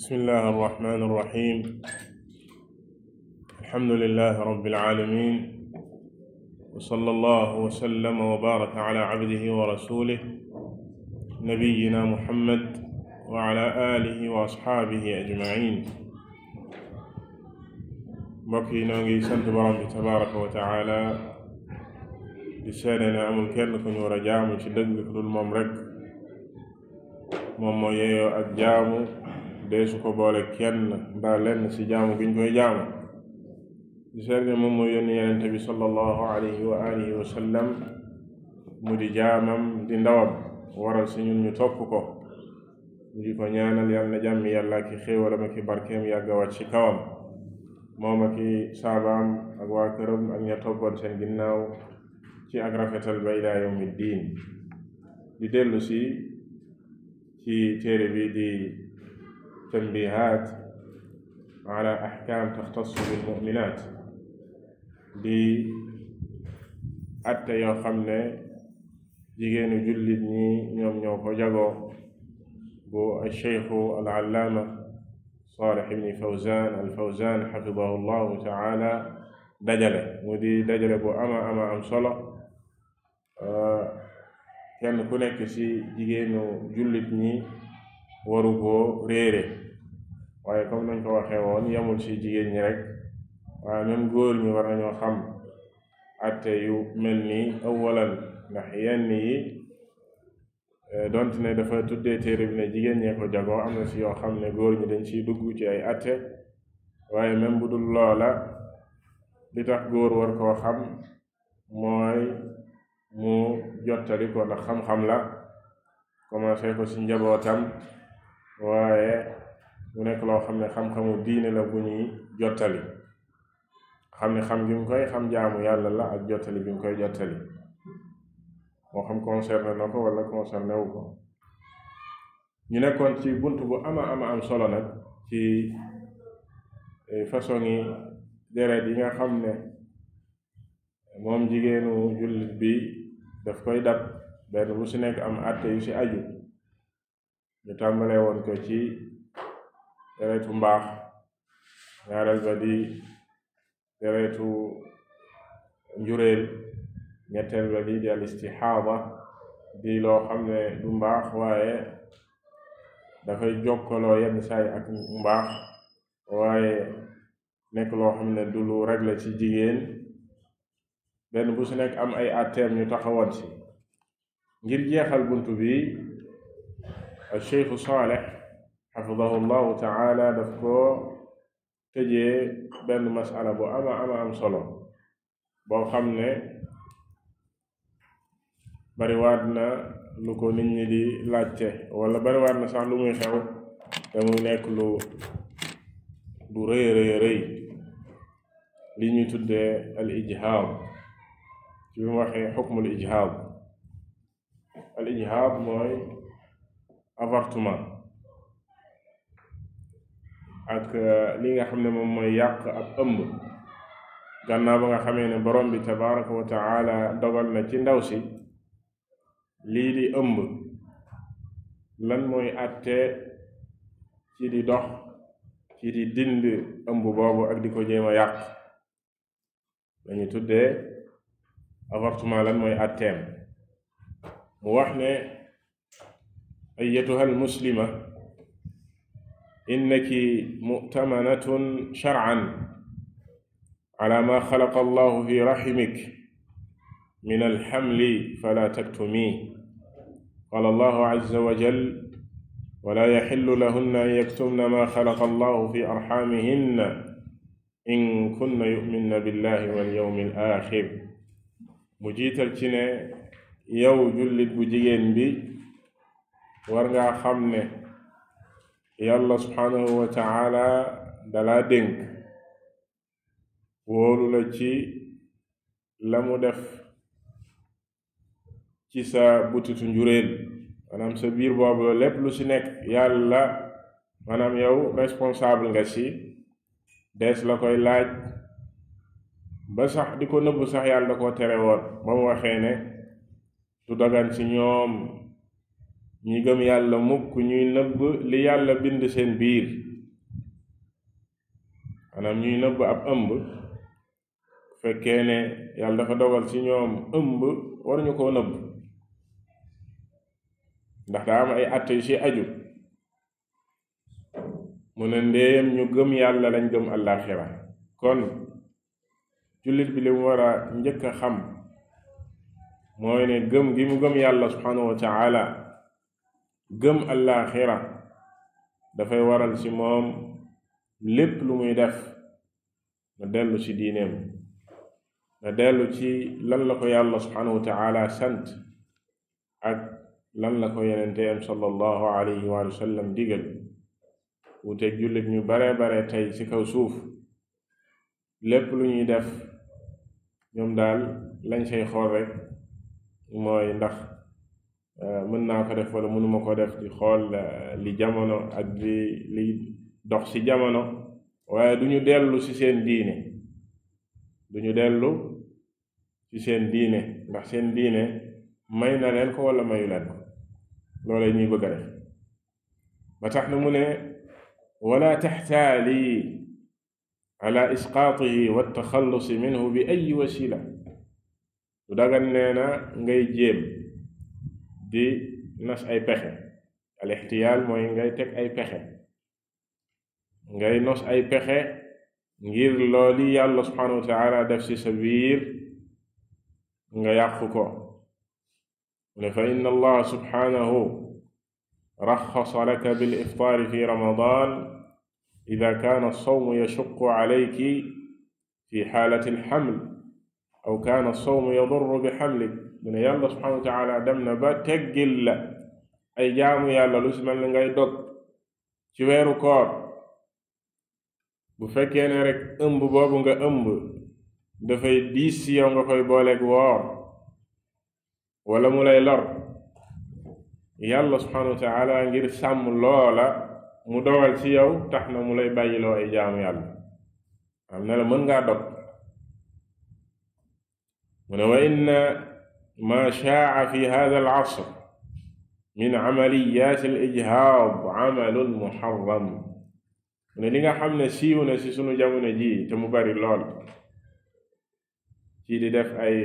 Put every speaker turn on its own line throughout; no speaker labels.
bismillahi arrahmani irrahim alhamdulilahi rabilalamin wa sala allahu wa sallama wa baaraka ala cabdihi wa rasulih nabiyina muhammad wa ala alihi wa asxaabihi ajmain mbokk yi noo ngi sant borom bi tabaraka wa taala di seede ne amul kenn ku ñu war a jaamu ci dëgg ku dul moom rekk moom moo yeyoo ak jaamu deesu ko boole kenn mbaa lenn ci jaamu gi ñu koy jaamu di seet ne moom mooy yónni yenente bi sallallahu alayhi wa alihi wa sallam mu di jaamam di ndawam waral ci ñun ñu topp ko ñu di ko ñaanal yàlla na jàmmi yàlla ak i xéewalam ak i barkeem yàgg a kawam moom ak i saabaam ak waa ak ña toppoon seen ginnaaw ci ak rafetal ba ilaa di dellu si ci téere bi di tanbihaat ala ahkaam taxtassu bil mu'minaat di atte yoo xam ne jigéenu jullit ñi ñoom ñoo ko jagoo bu alcheikhu al allaama saalih ibni fawzaan al fawzaan xafidahu llahu taala dajale mu di dajale bu ama ama am solo kenn ku nekk ci jigéenu jullit ñi waru koo waaye comme nañ ko waxee woon yamul ci jigéen ñi rek waaye même góor ñi war nañoo xam atte yu mel nii awalan ndax yenn yi eh, donte ne dafa tuddee téere bi ne jigéen ñee ko jagoo am na si yoo xam ne góor ñi dañ ciy dugg ci ay atte waaye même bu dul loola li tax góor war koo xam mooy mu jottali ndax xam-xam la commencé ko ci njabootam waaye mu nekk loo xam ne xam-xamu diine la bu ñuy jottali xam ne xam gi mu koy xam jaamu yàlla la ak jottali bi mu koy jottali moo xam concerné na ko wala concerné ñu nekkoon ci bunt bu ama ama am solo nag ci e, façon yi deret yi nga xam ne moom jigéenu jullit bi daf koy dab benn bu si nekk am àtte yu si aju ñu tàmbalee woon ko ci deretu mbaax ñaareel ba di deretu njureel ñetteel ba di di ci istixaaba di loo xam ne du mbaax waaye dafay jokkaloo yenn saay ak mbaax waaye nekk loo xam ne du lu la ci jigéen benn bu su nekk am ay atteem ñu taxawoon si ngir jeexal buntu bi cheikhu Saalix xafidahu llahu taala daf ko tëjee benn masala bu ama ama am solo boo xam ne bariwaat na lu ko nit ñi di laajte wala bariwaat na sax lu muy xew te muy nekk lu lu rëy rëy rëy li ñuy tuddee al ijhaab ci mu waxee xukmul ijhaab al ijhaab mooy avortement ak euh, li nga xam ne moom mooy yàq ab ëmb gannaaw nga xamee ne borom bi tabaraka wa taala dogal na ci ndaw si lii di ëmb lan mooy àtte ci di dox ci di dind ëmb boobu ak di ko jéem a yàq lañu tuddee avortement lan mooy àtteem mu wax ne أيتها المسلمة إنك مؤتمنة شرعا على ما خلق الله في رحمك من الحمل فلا تكتميه قال الله عز وجل ولا يحل لهن أن يكتمن ما خلق الله في أرحامهن in kunna yu'minna billahi wal yawmil aaxir mu jiital ci ne yow jullit bu jigéen bi war xam ne yàlla subhanahu wa taala dalaa dénk wóolu ci la mu def ci sa butitu njuréel maanaam sa biir boobu la lépp lu si nekk yàlla maanaam yow responsable nga si des la koy laaj ba sax di ko nëbb sax yàlla da tere woon ba mu du dagan ci ñoom ñi gëm yàlla mukk ñuy nëbb li yàlla bind seen biir maanaam ñuy nëbb ab ëmb fekkee ne yàlla dafa dogal ci ñoom ëmb waruñu koo nëbb ndax daa am ay àtte yu ci aju mu ne ndéem ñu gëm yàlla lañ gëm àllaaxira kon jullit bi li mu war a njëkk a xam mooy ne gëm gi mu gëm yàlla subhanahu wa gëm allaaxira dafay waral ci moom lépp lu muy def na dellu ci diineem na dellu ci lan la ko yàlla subhaanahu wa taala sant ak lan la ko yenenteem sallallahu alayhi wa sallam digal wute jullit ñu bare bare tey ci kaw suuf lépp lu ñuy def ñoom daal lañ say xool rek mooy ndax Euh, mën naa ko def wala mënuma ko def di xool euh, li jamono ak di li dox ci jamono waaye du ñu dellu ci seen diine du ñu dellu ci seen diine ndax seen diine may na leen ko walla mayu leen ko loolee ñuy bëgg a def ba tax na mu ne wala taxtaali ala isqaatihi wa taxallusi minhu bi ay wasila du dagan nee ngay jéem di nas ay pexe al ixtiyaal mooy ngay teg ay pexe ngay nos ay pexe ngir looli yàlla subhanahu wa taala def ci sa biir nga yàqu ko mu ne fa inna allaha subhanahu raxasa laka bil iftaari fi ramadan ida kaana alsawmu yashuqu alayki fi xaalati alxaml aw kaana sawmu yadurru bi xamlik mu ne yàlla subhanahu wa dem na ba teggil la ay jaamu yàlla lu si mel ngay dog ci weeru koor bu fekkee ne rekk ëmb boobu nga ëmb dafay diis si yow nga koy booleeg woor wala mu lay lor yàlla subhanahu wa ngir sàmm loola mu dogal ci yow tax na mu lay bàyyiloo ay jaamu yàlla am na la mën ngaa dog mu ne wa inna ma shaa fi hada al asr min amaliyat al ijhaab amalun muharram mu ne li nga xam ne siiw na si sunu jamono ji te mu bari lool ci di def ay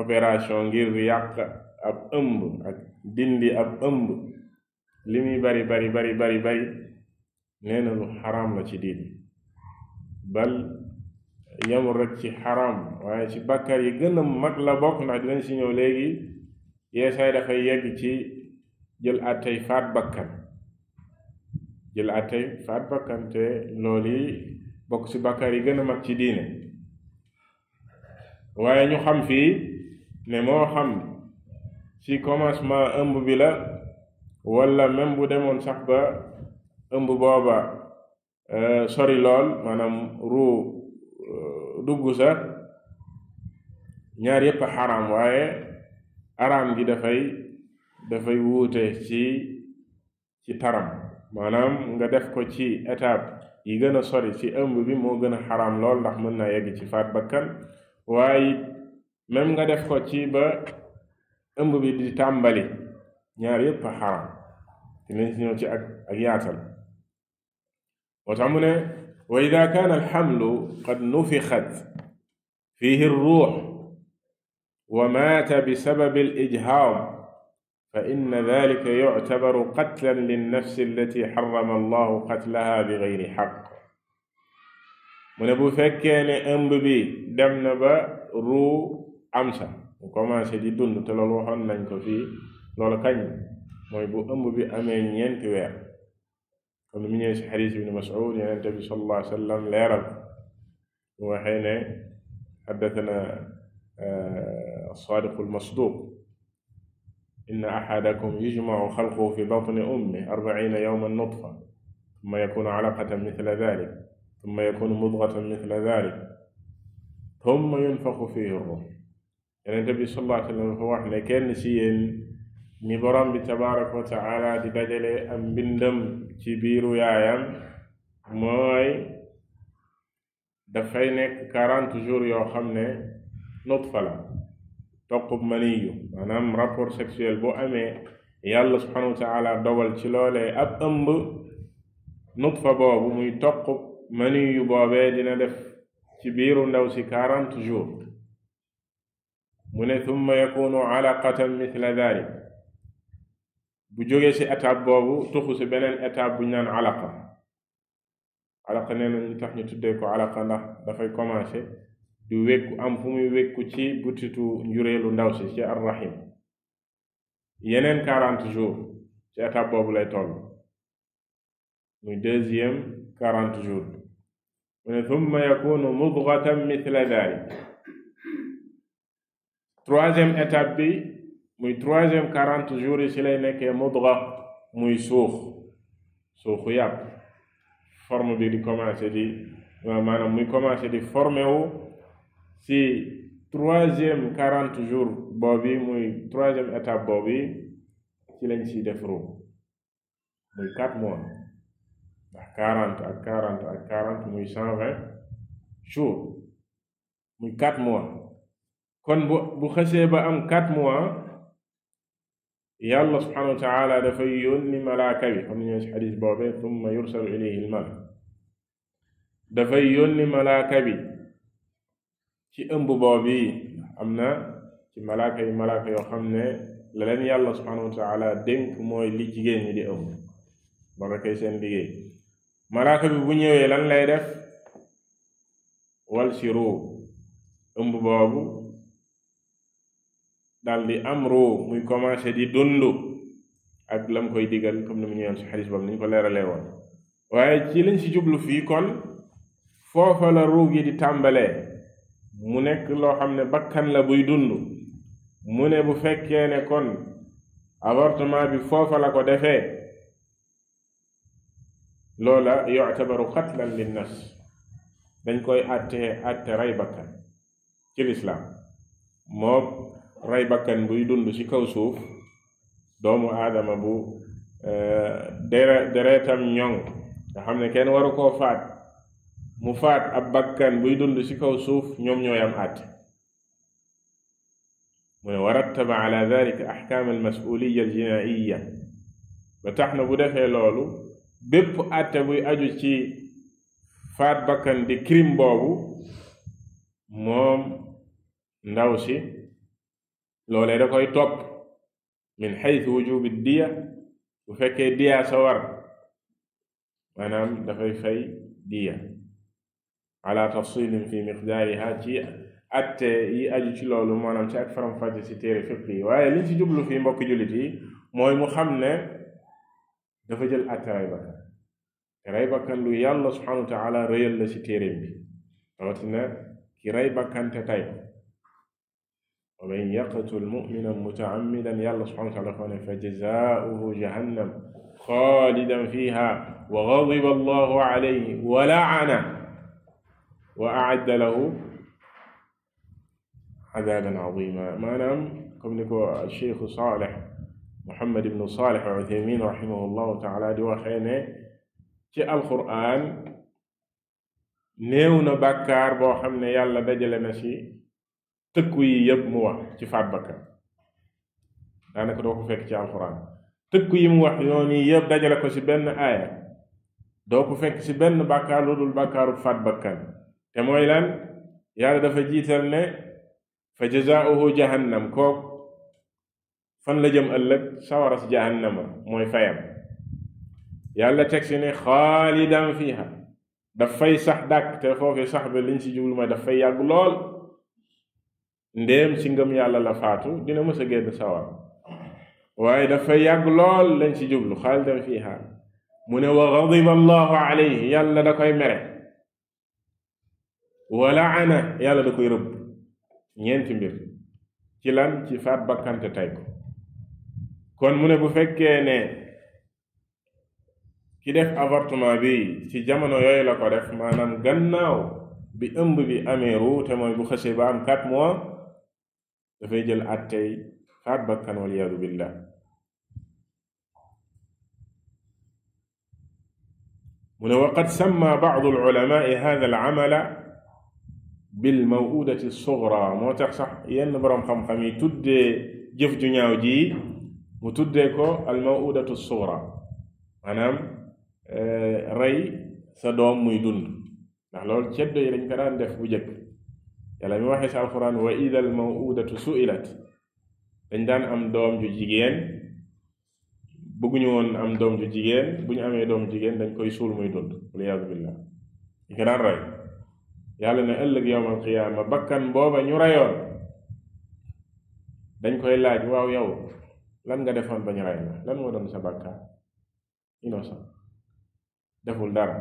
opération ngir yàq ab ëmb ak dindi ab ëmb li muy bari bari bari bari bari nee na lu xaraam la ci diin bal yamul rek ci xaram waaye ci bakkar yi gën a mag la bokk ndax dinañ si ñëw léegi yeesaay dafay yegg ci jël àttey faat bakkan jël àttey faat bakkan te loolu yi bokk ci bakkar yi gën mag ci diine waaye ñu xam fii ne moo xam ci commencement ëmb bi la walla même bu demoon sax ba ëmb booba euh, sori lool maanaam ruu dugg sa ñaar yépp a xaraam waaye araam bi dafay dafay wuute ci ci taram maanaam nga def ko ci etaat yi gën a sori ci ëmb bi moo gën a xaraam lool ndax mën naa yegg ci faat bakkan waaye même nga def ko ci ba ëmb bi di tàmbali ñaar yépp a xaraam dinañ ñëw ci ak ak yaatal moo tax ne wa ida kaana alxamlu qad nufixat fihi alruux wa maata bisababi alijhaad fa inna dalika yuctabaru qatlan linnafsi allati xarama allahu qatlaha bi gayri xaq mu ne bu fekkee ne ëmb bi dem na ba ruu am sa mu commencé di dund te loolu waxoon nañ ko fii loolu kañ mooy bu ëmb bi amee ñeenti weer comme ni mu ñëwee si xadiis ibnu Mas'ud yonente bi sallallahu alayhi wa sallam leeral mu waxee ne xaddatana eh, saadiqu lmasduq inna axadakum yujmacu xalquhu fi batni ummihi arbaciina yawman nutfa tumma yakunu calaqatan misla dalik tumma yakunu mudgatan misla dalik tumma yunfaxu fiihi ruux yonente bi sallallahu alayhi wa sallam dafa wax ne kenn si yéen mi borom bi tabaraka wa di dajale am mbindam ci biiru yaayam mooy dafay nekk quarante yoo xam ne nutfa la toqub maniyu maanaam rapport sexuel bu amee yàlla subhanahu wa taala dogal ci loolee ab ëmb nutfa boobu muy toqub maniyu boobee dina def ci biiru ndaw si quarante jours mu ne thumma yakunu alaqatan mithla dalik bu jógee ci étape boobu tuxu ci beneen étape bu ñu naan alaqa alaqa ñu tax ñu tuddee ko alaqa ndax dafay commencé di wékku am fu muy wékku ci butitu njureelu ndaw si ci arrahim yeneen quarante jours ci étape boobu lay toll muy deuxième quarante jours mu ne thumma yakunu mudghatan mithla dhalik troisième étape bi muy troisième quarante jour yi ci lay nekkee mudga muy suux suuxu yàpp forme bi di commencé di maanaam muy commencé di formé wu ci troisième quarante jours boobu muy troisième étape boobu ci lañ ciy defaru muy quatre mois ndax quarante ak quarante ak quarante muy cent vingt jours muy quatre mois kon bu bu xasee ba am quatre mois yàlla subhaanahu wa taala dafay yónni malaaka bi xam ne ci xadis boobee tumma yursalu ilayhi almalak dafay yónni malaaka bi ci ëmb boobi am na ci malaaka yi malaaka yoo xam ne la leen yàlla subhaanahu wa taala dénk mooy li jigéen ñi di ëmb loolu kay seen bu ñëwee lan lay wal siru ëmb boobu daal di am ruu muy commencé di dund ak lam koy digal comme ni mu ñëwoon si xadis boobu ni ko leeralee woon waaye ci lañ si jublu fii kon foofa la ruu di tàmbalee mu nekk loo xam ne bakkan la buy dund mu ne bu fekkee ne kon avortement bi foofa la ko defee loola yuctabaru qatlan lin nafs dañ koy àttee àtte rey bakkan ci lislaam moom rey bakkan buy dund ci kaw suuf doomu aadama bu eh, dere deretam ñoŋ nga xam ne kenn waru koo faat mu faat ab bakkan buy dund ci kaw suuf ñoom ñooy am àtte mu ne warattaba ala dalika axkaam almasuliya aljinaiya ba tax na bu defee loolu bépp àtte buy aju ci faat bakkan di crime boobu moom ndaw si loolee da koy topp min xaytu wujubi diya bu fekkee diya sa war maanaam dafay fay diya ala tafsilin fi miqdaariha ci atte yi aju ci loolu maanaam ci ak faram-fàcce ci téere fiq yi waaye liñ ci jublu fii mbokki jullit yi mooy mu xam ne dafa jël atte ray bakkan te ray bakkan lu yàlla subhanahu wa taala rëyal la ci téereem bi rawatina ki ray bakkan te tay wa man yaqtul mu'minan mutaammidan yàlla subhaanahu wa taala ko ne fa jazaauhu jahannam xaalidan fiha wa gadiba allahu alayhi wa la'anahu wa a'adda lahu adaaban adiima maanaam comme ni ko Cheikh Saalih Muhammad ibn Saalih al-Uthaymin rahimahullahu taala di waxee ne ci alqur'an néew na bàkkaar boo xam ne yàlla dajale na si tëkku yi yëpp mu wax ci faat bakkan daanaka doo ko fekk ci alxuraan tëkku yi mu wax yoonu yëpp dajale ko ci benn aaya doo ko fekk ci benn bàkkaar lu dul bàkkaaru faat bakkan te mooy lan yàlla dafa jiital ne fa jazaauhu jahannam kook fan la jëm ëllëg sawara si jahannama mooy fayam yàlla teg si ne xaalidan fiha daf fay sax dàkk te foofu sax ba liñ si jublu may daf fay yàgg lool ndéem ci ngëm yàlla la faatu dina mës a sawar waaye dafa yàgg lool lañ ci jublu xaalidan fiiha mu ne wa gadiba allahu yàlla da koy mere wa laana yàlla da koy rëbb ñeenti mbir ci lan ci faat bakkante tey ko kon mu ne bu fekkee ne ki def avortement bi ci jamono yooyu la ko def maanaam gannaaw bi ëmb bi amee ru te mooy bu xësee ba am 4 mois dafay jël àttey faat bakkan waliyadu billah mu ne waqad samma bacdu alulamaai hada alamala bilmawudati sugra moo tax sax yenn boroom xam-xam yi tuddee jëf ju ñaaw ji mu tuddee ko almawudatu sugra maanaam eh, rey sa doom muy dund ndax loolu ceddo yi dañ ko daan def yàlla mi waxee si alquran wa idal mawudatu suilat dañ daan am doom ju jigéen bëgguñu woon am doom ju jigéen bu ñu amee doom jigéen dañ koy suul muy dund waliyasu billah ñi ko daan rey yàlla ne ëllëg yowmal qiyaama bakkan booba ñu reyoon dañ koy laaj waaw yow lan nga defoon ba ñu rey la lan moo doon sa bakkaar innocent deful dara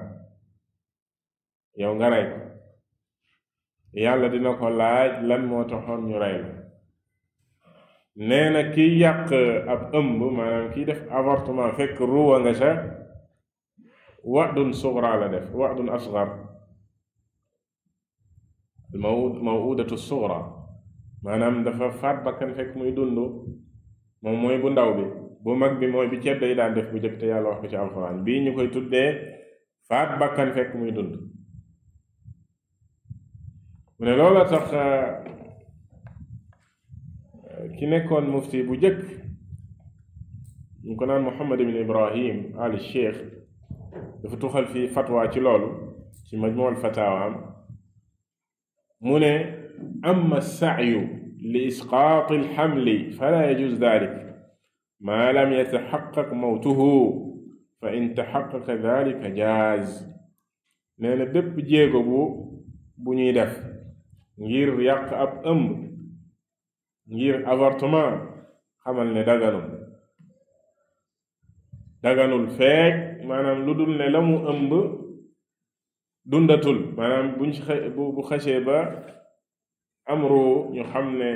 yow nga rey yàlla dina ko laaj lan moo taxoon ñu rey la nee na kiy yàq ab ëmb maanaam kiy def avortement fekk ruwa nga ca waxdun sugra la def waxdun asgar mawudatu sugra maanaam dafa faat bakkan fekk muy dund moom mooy bu ndaw bi bu mag bi mooy bu ceddo yi daan def bu jëkk te yàlla wax ko ci alxuraan bii ñu koy tuddee faat bakkan fekk muy dund mu ne loola tax euh, ki nekkoon mufti bu jëkk ñu ko naan Muhammad ibn Ibrahim al Cheikh dafa tuxal fii fatwa ci loolu ci majmuul fataawaam mu ne amma sa'yu li isqaat al xamli fala yajuz dalik ma lam yataxaqaq mawtuhu fa in taxaqaqa dalika jaaz nee na bépp jéego bu bu ñuy def ngir yàq ab ëmb ngir avortement xamal ne daganul daganul feek maanaam lu dul ne la mu ëmb dundatul maanaam buñ bu bu xasee ba amru ñu xam ne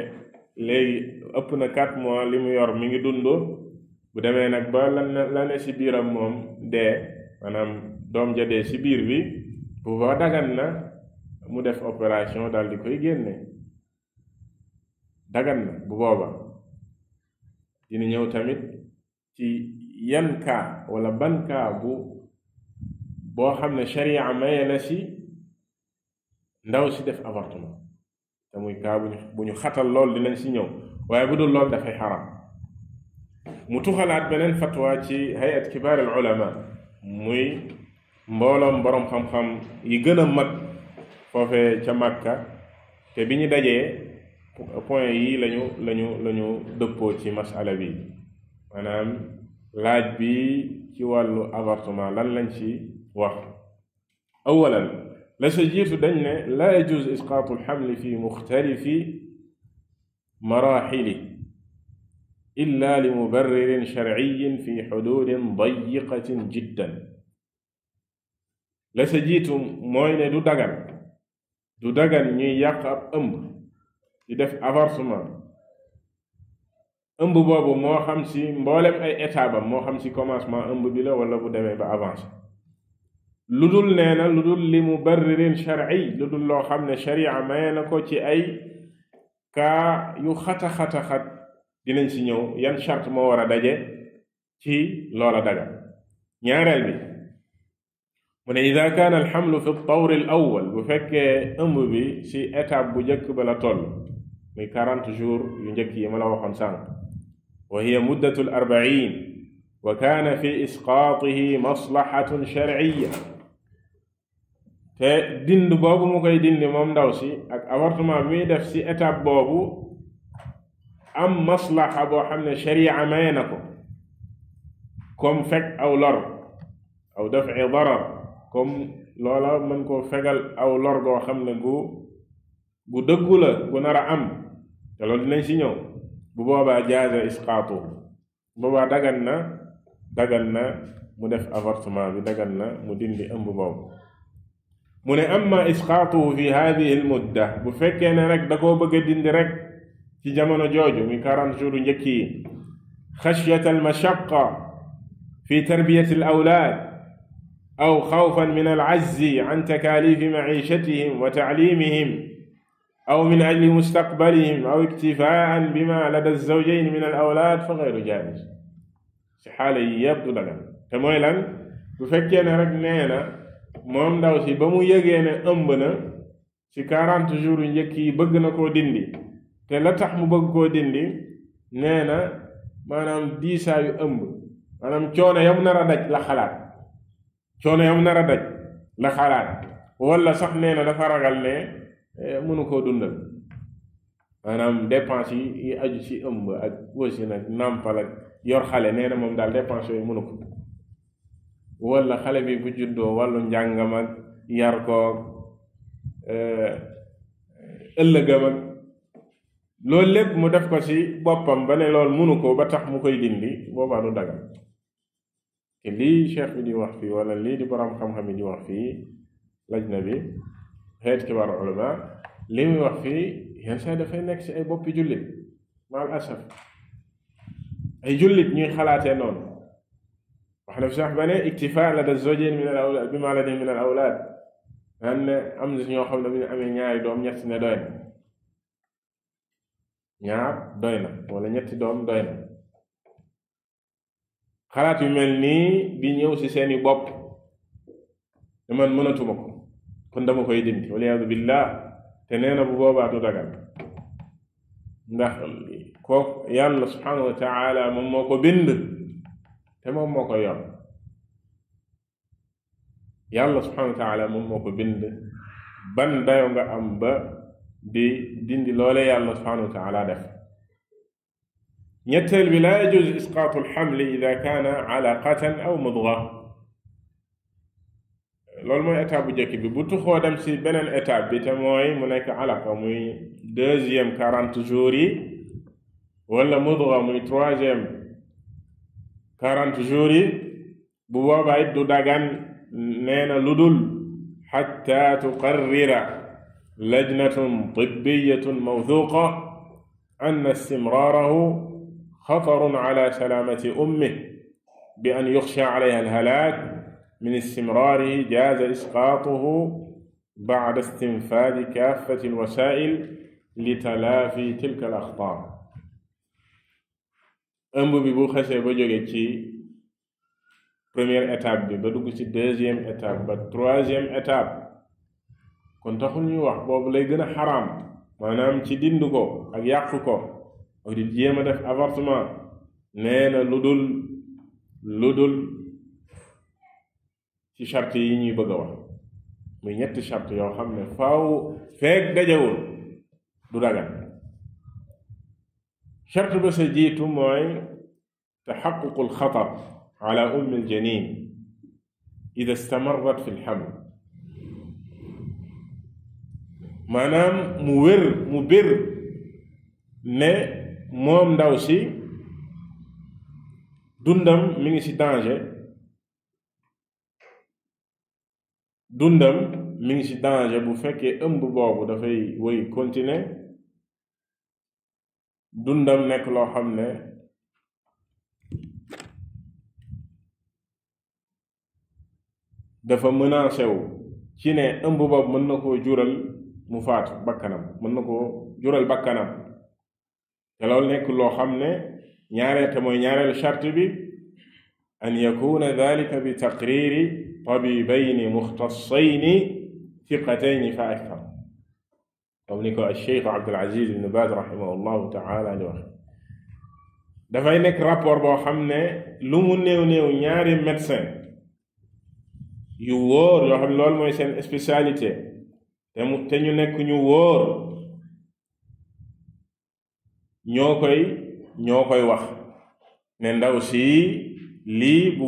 léegi ëpp na quatre mois li mu yor mi ngi dund bu demee nag ba lan la ne ci biiram moom dee maanaam doom ja dee ci biir bi bu ba dagan na mu def opération daal di koy génne dagan na bu booba dina ñëw tamit ci yan kaa wala ban kaa bu boo xam ne sharia maye na si ndaw si def avortement te muy kaa bu ñu xatal lool dinañ si ñëw waaye bu dul lool dafay xaram mu tuxalaat beneen fatwa ci hayat kibaar al ulama muy mbooloom boroom xam-xam yi gën mag foofee ca Màkka te bi ñu dajee point yi lañu lañu lañu dëppoo ci masala bi maanaam laaj bi ci wàllu avortement lan lañ ci wax awalan la sa dañ ne laa yajuz isqaatu alxamli fi muxtalifi maraxili illa li mubarririn sharciyin fi xududin dayiqatin jiddan la sa jiitu du dagan du dagan ñuy yàq ab ëmb di def avancement ëmb boobu moo xam ci mboolem ay état ba moo xam ci commencement ëmb bi la wala bu demee ba avancé lu dul nee lu dul li mu barririn sharci lu dul loo xam ne sharia maye na ko ci ay kaa yu xata xata xat dinañ ci ñëw yan charte moo war a daje ci loola dagan ñaareel bi mu ne ida kaana alxamlu fi tawr al awal bu fekkee ëmb bi ci étape bu njëkk ba la toll muy quarante jours yu njëkk yi ma la waxoon sànq wa hiya arbain wa fi isqaatihi maslahatun sharciya te dind boobu mu koy dindi moom ndaw si ak avortement bi muy def ci étape boobu am maslaha boo xam ne sharia maye na ko comme comme loola mën koo fegal aw lor goo xam ne gu gu dëggu la gu nar a am te loolu dinañ si ñëw bu boobaa jaaza isqaatu boobaa dagan na dagan na mu def avortement bi dagan na mu dindi ëmb boobu mu ne amma isqaatuhu fi hadihi mudda bu fekkee ne rek da koo bëgg dindi rek ci jamono jooju mi quarante jours njëkk yi xashyata al mashaqqa fi tarbiyati awlaad aw xawfan min alcazzi an takaalifi maciishatihim wa tacliimihim aw min ajli mustaqbalihim aw iktifaaan bima lada zawjayn min al awlaad fa gayru jaa'iz si xaala yi yëpp du dagan te mooy lan bu fekkee ne rek nee na moom ndaw si ba mu yëgee ne ëmb na ci quarante jours yu njëkk yi bëgg na koo dindi te la tax mu bëgg koo dindi nee na maanaam diisaayu ëmb maanaam coono yam nar a daj la xalaat coono yam nar a daj la xalaat wala sax nee na dafa ragal ne eh, mënu koo dundal maanaam dépense yi aju ci ëmb ak aussi nag nàmpal ak yor xale nee na moom daal dépense yooyu mënu ko wala xale bi bu juddoo wàllu njàngam yar koog eh, ëllëgam loolu lépp mu def ko si boppam ba ne lool mënu ko ba tax mu koy dindi boobaa du dagal lii cheikh bi di wax fii wala lii di borom xam-xam yi di wax fii lajna bi xeet kibaar ulama li muy wax fii yenn saa dafay nekk ci ay boppi jullit maal asaf ñuy xalaatee noonu wax na fi sax ba ne iktifaa awlaad bi ma ne am na ñoo xam ne bu ñu amee ñaari doom ñett ne doy na ñaar doy na wala ñetti doom doy na xalaat yu mel nii di ñëw ci seeni bopp ne man mënatuma ko kon dama koy dindi waliyaadu billah te nee na bu boobaa dagal ndax kooku wa taala moom moo ko bind te moom moo ko yor yàlla subhanahu wa taala moom moo ko bind ban dayo nga di dindi loole yàlla subhanahu wa taala def ñetteel bi laa yajuz isqaatu alxamli ida kaana alaqatan aw mudga loolu mooy étape bu njëkk bi bu tuxoo dem si beneen étape bi mu nekk alaqa muy deuxième quarante jours wala mudga muy troisième quarante jours yi dagan nee na lu dul xatta tuqarrira lajnatun tibbiyatun mawthuqa anna xatarun ala salaamati umme bi an yuxsha alayha alhalaak min istimraari jaaza isqaatuhu bacda istinfaadi kaafati alwasaa'il li talaafi tilka alaxtaar ëmb bi bu xasee ba jóge ci première étape bi ba dugg ci deuxième étape ba troisième étape kon taxul ñuy wax boobu lay gën a xaraam maanaam ci dind ko ak yàq ko mooy di jéem a def avortement nee na lu dul lu dul ci charte yi ñuy bëgg a wax muy ñetti charte yoo xam ne faaw feeg dajewul du dagan charte ba sa jiitu mooy taxaququl xatar ala ummi aljanin ida stamarat fi lxaml maanaam mu mu bir ne moom ndaw si dundam mi ngi ci danger dundam mi ngi ci danger bu fekkee ëmb boobu dafay wëy kontine dundam nekk loo xam ne dafa menacé wu ci ne ëmb boobu mën na koo jural mu faatu bakkanam mën na koo jural bakkanam te nekk loo xam ne ñaareel te mooy ñaareelu charte bi an yakuna dalika bi taqriri tabibayni muxtasayni thiqatayni fa akthar comme ni ko alcheikh Abdul Aziz ibn Baz rahimahullahu taala di wax dafay nekk rapport boo xam ne lu mu néew néew ñaari médecin yu yoo xam ne loolu mooy seen spécialité te mu te ñu nekk ñu ñoo koy ñoo koy wax ne ndaw si lii bu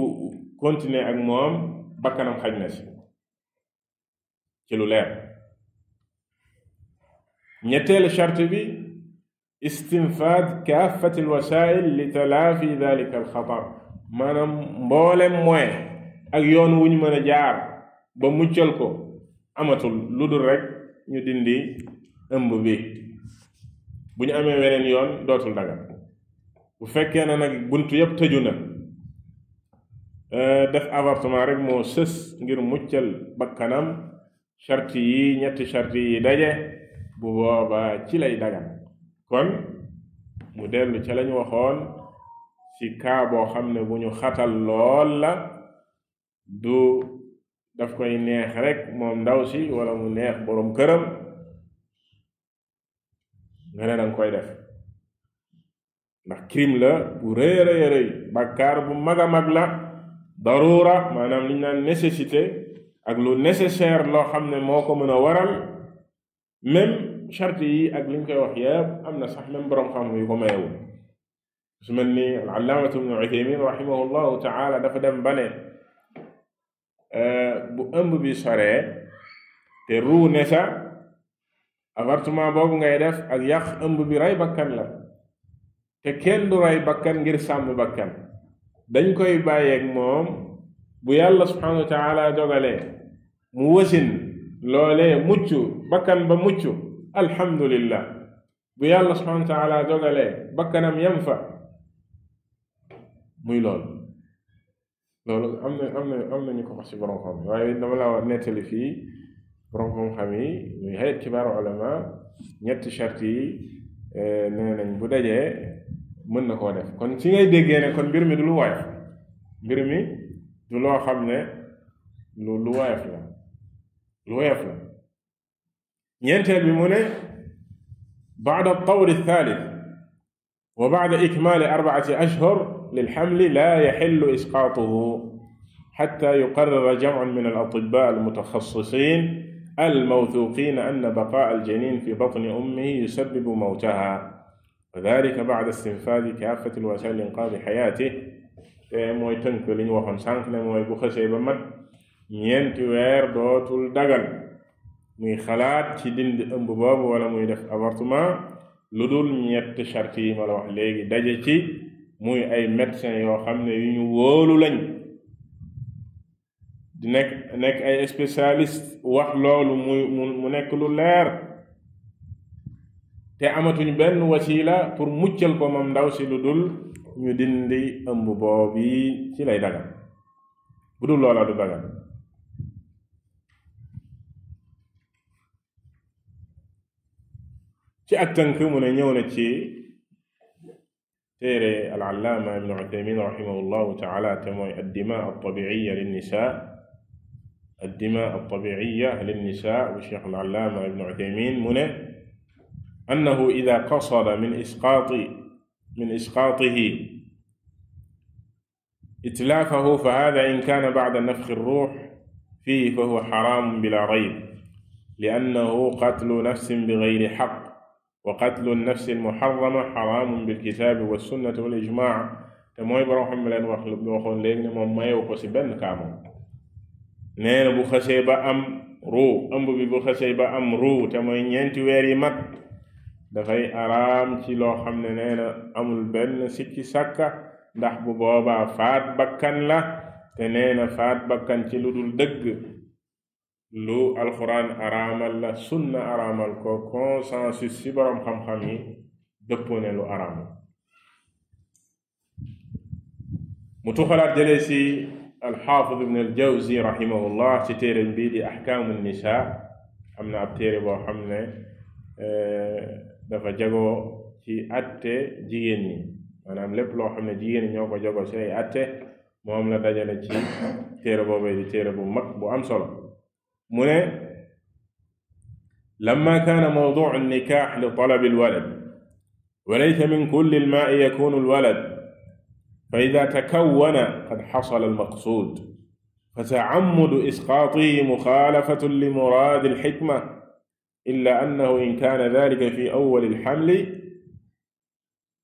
continuer ak moom bakkanam xaj na si ci lu leer ñetteelu charte bi istinfaad kaafati alwasail li talaafi dalika alxatar maanaam mboolem moyen ak yoon wu ñu mën a jaar ba muccal ko amatul lu dul rek ñu dindi ëmb bi bu ñu amee weneen yoon dootul dagan bu fekkee na nag bunt yëpp tëjuna euh, def avortement rek moo sës ngir muccal bakkanam charte yi ñetti charte yi daje bu boobaa ci lay dagan kon mu dellu ca lañu waxoon ci kaa boo xam ne bu ñu xatal lool la du daf koy neex rek moom ndaw si wala mu neex boroom këram nga ne danga koy def ndax crime la bu rëy rëy rëy bàkkaar bu mag a mag la darura maanaam li ñu naan nécessité ak lu nécessaire loo xam ne moo ko mën a waral même charte yi ak li ñu koy wax yëpp am na sax même borom xam yu ko mayewul su mel ni alaamatu ibnu uthaymin rahimahullahu taala dafa dem ba ne euh, bu ëmb bi soree te ruu ne sa avortement boobu ngay def ak yàq ëmb bi rey bakkan la te kenn du rey bakkan ngir sàmm bakkan dañ koy bàyyeeg moom bu yàlla subhanahu wa taala dogalee mu wasin loole mucc bakkan ba mucc alhamdulillah bu yàlla subhanahu wa taala bakkanam yem fa muy lool loolu am na am ko wax ci borom xam waaye dama la nettali fii borom xam-xam yi muy xayet kibaaru ulama ñetti charte yi e, nee nañ bu dajee mën na koo kon ci ngay déggee ne kon mbir mi du lu woyof mbir mi du loo xam ne lu lu woyof la lu woyof la ñeenteel bi mu ne baada tawri thalith wa baada ikmaali arbaati ashhur lilxamli la yaxillu isqaatuhu xatta yuqarrara jamcun min الموثوقين أن بقاء الجنين في بطن أمه يسبب موتها وذلك بعد استنفاذ كافة الوسائل لإنقاذ حياته te mooy tënk li ñu waxoon sànq ne mooy bu xësee ba mat ñeenti weer dootul dagal muy xalaat ci dindi ëmb boobu wala muy def avortement lu dul ñett charte yi ma la wax léegi daje ci muy ay médecin yoo xam ne yu ñu wóolu lañ di nekk nekk ay spécialiste wax loolu mu nekk lu leer te amatuñ benn wasila pour muccal ko moom ndaw si lu dul ñu dindi ëmb boob yi ci lay dagal bu dul loola du dagal ci ak tënk mu ne ñëw na ci téere al allaama ibnu utaymin raximahu llahu taala te mooy addima altabiiya linnisa addima altabiciya linnisa bu sheikh alallaama ibnu uthaymin mu ne annahu ida qasada min isqaati min isqaatihi itlaafahu fa hada in kaana bacda nafxi ruux fiihi fa huwa xaraamun bila rayb liannahu qatlu nafsin bigayri xaq wa qatlu nafsi almuxarama xaraamun bilkitaabi wassunnati walijmaac te mooy borom xam leen wax waxoon léegi ne moom mayew ko si benn kaamoom nee bu xasee ba am ruu ëmb bi bu xasee ba am ruu te mooy ñeenti weer yi mat dafay araam ci loo xam ne nee amul benn sikki sàkka ndax bu boobaa faat bakkan la te nee faat bakkan ci lu dul dëgg lu alxuraan araamal la sunna araamal ko consensus ci boroom xam-xam yi dëppoo lu araam mu tuxalaat jëlee alxaafid ibn al jawzi rahimahullah ci téereem bii di ahkaamu nisa am na ab téere boo xam ne eh, dafa jagoo ci atte jigéen ñi maanaam lépp loo xam ne jigéen ñi ñoo ko jagoo ci ay atte moom la dajale ci téere boobee di téere bu mag bu am solo mu ne lamma kaana mawduu nikaax li talabi alwalad wa laysa min kulli almaai yakunu alwalad fa ida takawwana qad xasala almaqsuud fa tacammudu isqaatihi muxaalafatun li muraadi alxikma illa annahu in kaana dalika fi awwali alxamli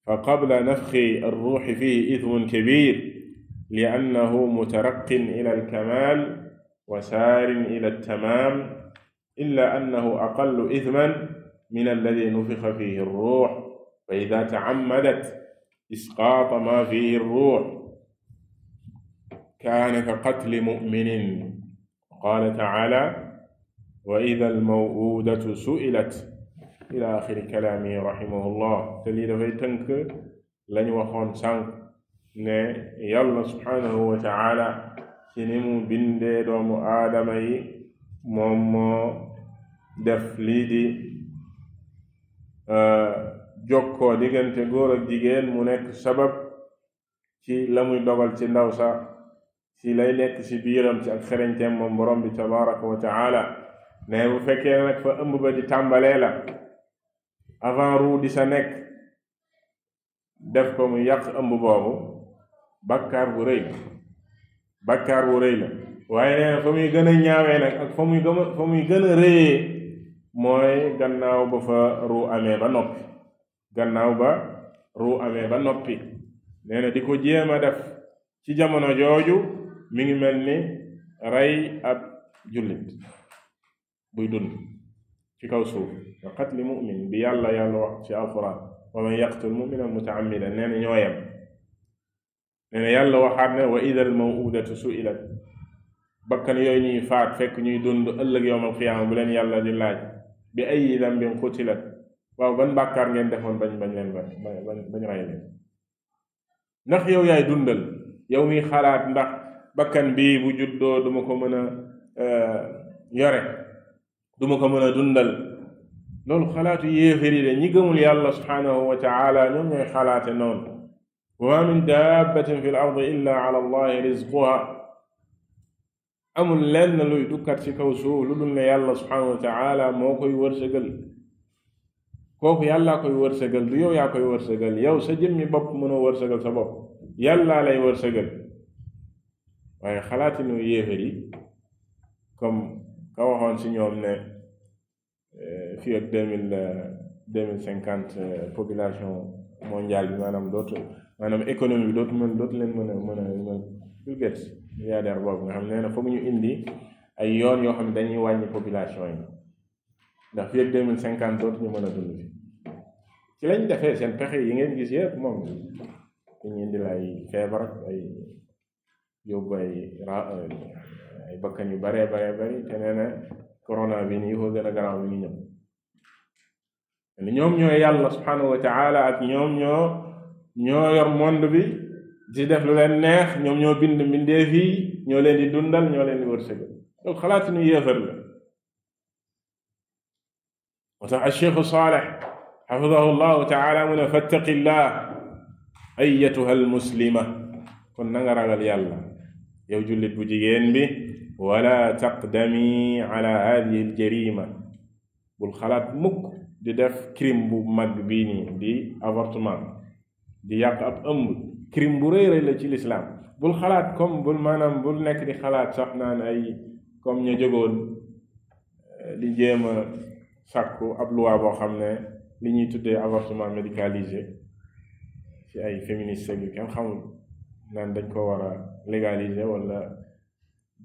fa qabla nafxi alruuxi fihi ithmun kabiir liannahu mutaraqin ila alkamaal wa saarin ila altamaam illa annahu aqallu ithman min alladi nufixa fihi alruux fa ida tacammadat isqaata ma fi ruux kaana ka qatli muminin qaala taala wa ida almawudatu su'ilat ila axiri kalaami rahimahullah te lii dafay tënk lañ waxoon sànq ne yàlla subhaanahu wa taala ci ni mu bindee doomu aadama yi moom moo def lii di euh, jokkoo diggante góor ak jigéen mu nekk sabab ci la muy dogal ci ndaw sa ci lay nekk ci biiram ci ak xereñteem moom borom bi tabaraka wa taala ne bu fekkee nag fa ëmb ba di tàmbalee la avant ruu di sa nekk def ko mu yàq ëmb boobu bakkaar bu rëy la waaye nee na fa muy gën a ñaawee nag fa muy gën a fa mooy gannaaw ba fa ruu amee ba noppi gannaaw ba ruu amee ba noppi nee di ko jéem a def ci jamono jooju mi ngi mel ni rey ab jullit buy dund ci kaw suuf nga qatli mu'min bi yàlla yàlla wax ci alquran wa man yaqtul mu'mina mutaammidan nee na ñoo yem nee yàlla waxaat ne wa ida al su'ilat bakkan yooyu ñuy faat fekk ñuy dund ëllëg yowm alqiyaama bu leen yàlla di laaj bi ayi dambin qutilat waaw ban bàkkaar ngeen defoon bañ bañ leen bañ bañ ray leen yow yaay dundal yow mi xalaat ndax bakkan bii bu juddoo duma ko mën a eh, yore duma ko mën a dundal loolu xalaat yéeféri de ñi gëmul yàlla subhaanahu wa taala ñoom ñooy xalaate noonu wa ma min dabbatin fi l illa ala rizquha amul lenn luy dukkat ci kaw suuf lu dul ne yàlla subhaanahu wa taala moo koy wërsëgal kooku yàllaa koy wërsëgal du yow yaa koy wërsëgal yow sa jëmmi bopp mënoo wërsëgal sa bopp yàllaa lay wërsëgal waaye xalaatinu yéefar yi comme ka waxoon si ñoom ne eh, fii ak deux mille deux mille cinquante eh, population mondiale bi maanaam dootu maanaam économie bi dootu mën dootu leen mën a mën a mën Bill Gates milliardaire boobu nga xam nee na ñu indi ay yoon yoo xam ne dañuy wàññi population yi ndax fii deux mille cinquante dootuñu mën a dund fi ci lañ defee seen pexe yi ngeen gis yëpp moom dañuy indil ay feebar ay yóbbu ay ra bakkan yu baree bare bari te nee corona bi nii ko gën a garaaw mi ni ñoom ñoo yàlla subhanahu wa ak ñoom ñoo ñoo yor monde bi di def lu leen neex ñoom ñoo bind mbindeef yi ñoo leen di dundal ñoo leen di wërsëgal loolu xalaatuñu yéefar la moo tax acheikhu Saalih xafidahu llahu taala mu ne fattaqillah ayatuha almuslima kon na nga ragal yàlla yow jullit bu jigéen bi wala taqdami ala hadihi aljarima bul xalaat mukk di def crime bu mag bii nii di avortement di yàq ab ëmb crime bu rëy rëy la ci lislaam bul xalaat comme bul maanaam bul nekk di xalaat sax naan ay comme ña jógoon di jéema sàkku ab loi boo xam ne li ñuy tuddee avortement médicalisé ci ay féministes yu kenn xamul naan dañ koo war a légaliser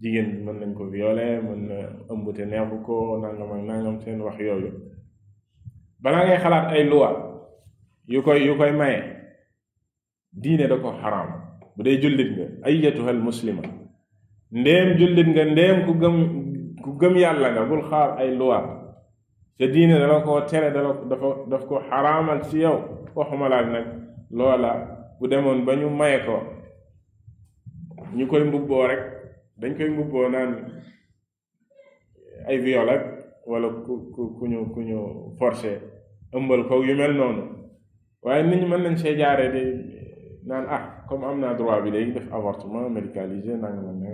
jigéen mën nañ ko violer mën na ëmb te neexu ko nangam ak nangam seen wax yooyu balaa ngay xalaat ay loi yu koy yu koy maye diine da ko xaraam bu dee jullit nga ayyatuhal muslima ndéem jullit nga ndéem ku gëm ku gëm yàlla nga bul xaar ay loi te diine dala koo tere dala dafa daf ko xaraamal ci yow waxumalaat nag loola bu demoon ba ñu maye ko ñu koy mbubboo rek dañ koy mbubboo naan ay viol ak wala ku ku ku ñu ku ñu forcé ëmbal ko yu mel noonu waaye nit ñi mën nañ see jaaree di naan ah comme am naa droit bi léegi def avortement médicalisé nanga ma ne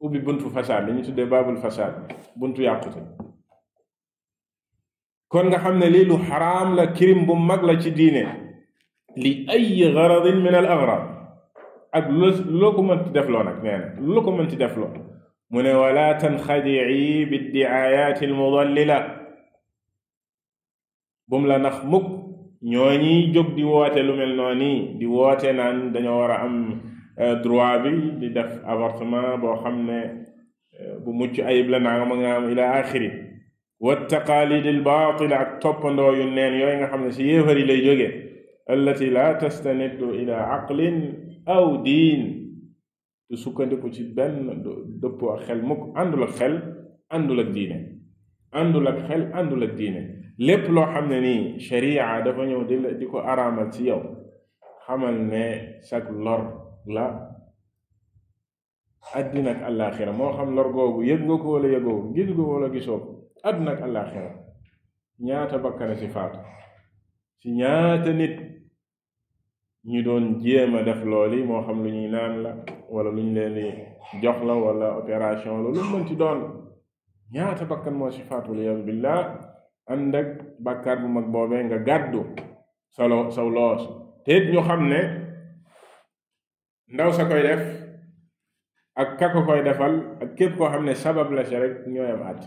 ubbi buntu fasaad li ñu tuddee baabul fasaad buntu yàqute kon nga xam ne lii lu xaraam la kirim bu mag la ci diine li ay garadin min al agrad ak lu la ko mënti defloo nag nee na lu la ko mënti defloo mu ne wala tanxadii biddiaayaati almudallila bum la nax mukk ñooñi jóg di woote lu mel noonu di woote naan dañoo war a am euh, droit bi di def avortement boo xam ne euh, bu muc ay la naanga ma nga ila axiri wa taqaalidil baatila ak toppandoo yu neen yooyu nga xam ne si yéefar yi lay jógee allati laa tastaniddu ila aqlin aw diin du sukkandiku ci benn dëppoo ak xel mukk àndul ak xel àndul ak diine àndul loo xam ne ni sharia dafa ñëw di ko araamal ci yow xamal ne sag lor la àddina ak àllaaxira moo xam lor googu yëg nga wala yëgoo gis nga wala gisoo ko àdduna ak àllaaxira ñaata bakkane ci faatu ci ñaata nit ñu doon jéem a def looli moo xam lu ñuy naan la wala lu ñu leen di jox la wala opération la lu mën ci doon ñaata bakkan moo ci faatu waliyasu billah ànd ak bàkkaar bu mag boobee nga gàddu solo saw loos te it ñu xam ne ndaw sa koy def ak ka ko koy defal ak képp koo xam ne sabab la ci rek ñooy at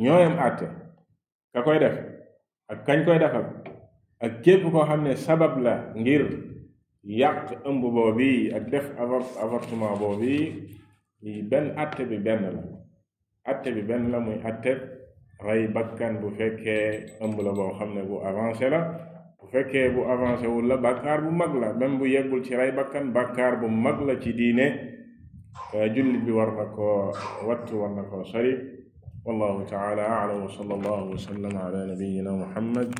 ñooyam àtte ka koy def ak kañ koy defal ak képp koo xam ne sabab la ngir yàq ëmb boobi ak def avor avortement boobi benn bi benn la bi benn la muy àtte rey bakkan bu fekkee ëmb la boo xam ne bu avancé la bu fekkee bu avancé wula bakkar bu mag la même bu yeggul ci rey bakkan bàkkaar bu mag la ci diine jullit bi war na koo wattu war na koo sori wallahu taala alam wa sallallahu wa sallam ala nabiyina muhammad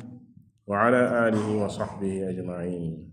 wa ala alihi wa sahbihi ajmain